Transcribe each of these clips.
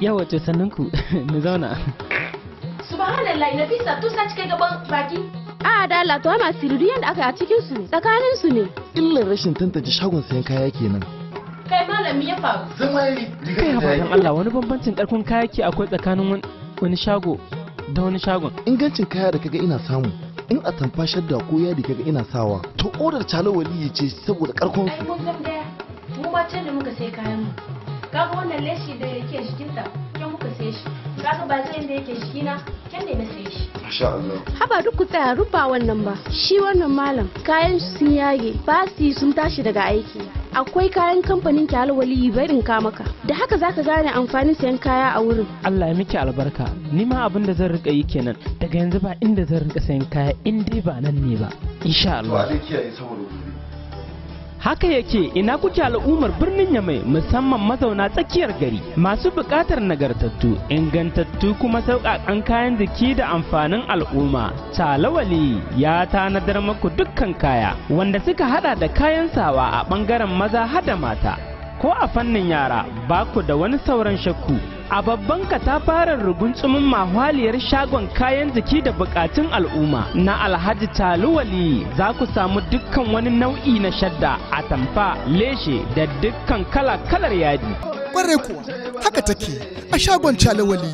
yawa wato sannan ku mu zauna subhanallah nafisa to sa cike gaban baki a da Allah to ma sirri yanda aka a cikin su tsakanin su ne illar rashin tantance shagon sayan kaya kenan kai malami ya faru zama kai ha dan Allah wani bambancin karfin kaya ke akwai tsakanin wani shago da wani shagon ingancin kaya da kaga ina samu in a tamfashar da ko yadi kaga ina sawa to odar calo ya ce saboda karkon su mu ba can da muka sai kayan mu kaga wannan leshi da yake jikinta ke muka sai shi kaga ba zai da yake jikina kyan ne na sai shi Masha Allah. Haba duk ku tsaya rufa wannan ba. Shi wannan malam kayan sun yage basi sun tashi daga aiki. Akwai kayan kamfanin ki alwali barin ka maka. Da haka zaka gane amfanin sayan kaya a wurin. Allah ya miki albarka. Ni ma abin da zan rika yi kenan. Daga yanzu ba inda zan rika sayan kaya in dai ba nan ne ba. Insha Allah. Ba zai kiyaye saboda haka yake ina kuke al'ummar birnin yamai musamman mazauna tsakiyar gari masu buƙatar nagartattu ingantattu kuma sauƙaƙan kayan jiki da amfanin al'umma talawali ya tanadar maku dukkan kaya wanda suka hada da kayan sawa a ɓangaren maza hada mata ko a fannin yara ba ku da wani sauran shakku a babban katafaren tsumin mahwaliyar shagon kayan jiki da bukatun al'umma na alhaji taluwali za ku samu dukkan wani nau'i na shadda a tamfa leshe da dukkan kala-kalar yadi. kuwa, haka take. a shagon cale wali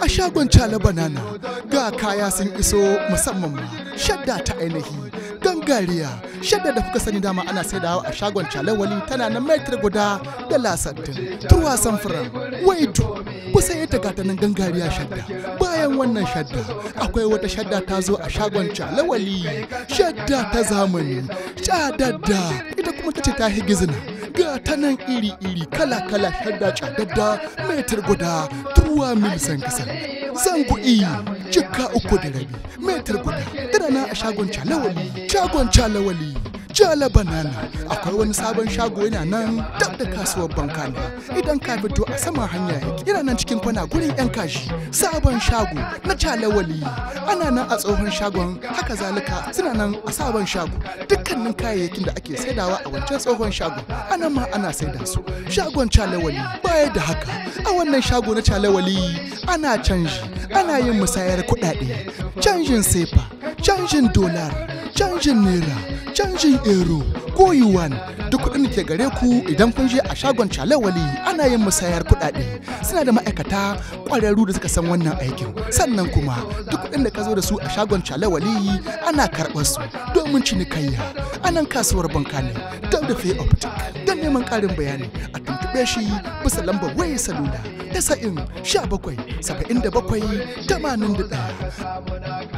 a shagon cale banana ga kaya sun iso musamman ma shadda ta ainihi gangariya shadda da kuka sani dama ana saidawa a shagon cale wali tana na metri guda da lasantin turwa samfuran waitu kusa ita ga ta nan gangariya shadda bayan wannan shadda akwai wata shadda ta zo a shagon cale wali shadda ta zamani shadadda ita kuma ta ce ta higizina ga ta nan iri-iri kala-kala shadda cadadda metar guda tuwa mil zanga zan zango e, kuɗi cika uku da rabi metar guda tana a shagon calawali shagon calawali jala banana akwai wani sabon shago yana nan duk da kasuwar ne idan ka fito a saman hanya yake yana nan cikin kwana gurin yan kashi sabon shago na jala wali ana nan a tsohon shagon haka zalika suna nan a sabon shago dukkanin kayayyakin da ake saidawa a wancan tsohon shago ana ma ana saida su shagon jala wali baya da haka a wannan shago na jala wali ana canji ana yin musayar kuɗaɗe canjin sefa canjin dolar canjin naira canjin euro ko yuwan duk kuɗin ke gare ku idan kun je a shagon calawali ana yin musayar kuɗaɗe suna da ma'aikata ƙwararru da suka san wannan aikin sannan kuma duk kuɗin da ka zo da su a shagon calawali ana karɓar su domin cinikayya anan kasuwar banka ne don da optic don neman ƙarin bayani a tuntuɓe shi bisa lambar wayar salula tasa'in sha bakwai saba'in da bakwai tamanin da ɗaya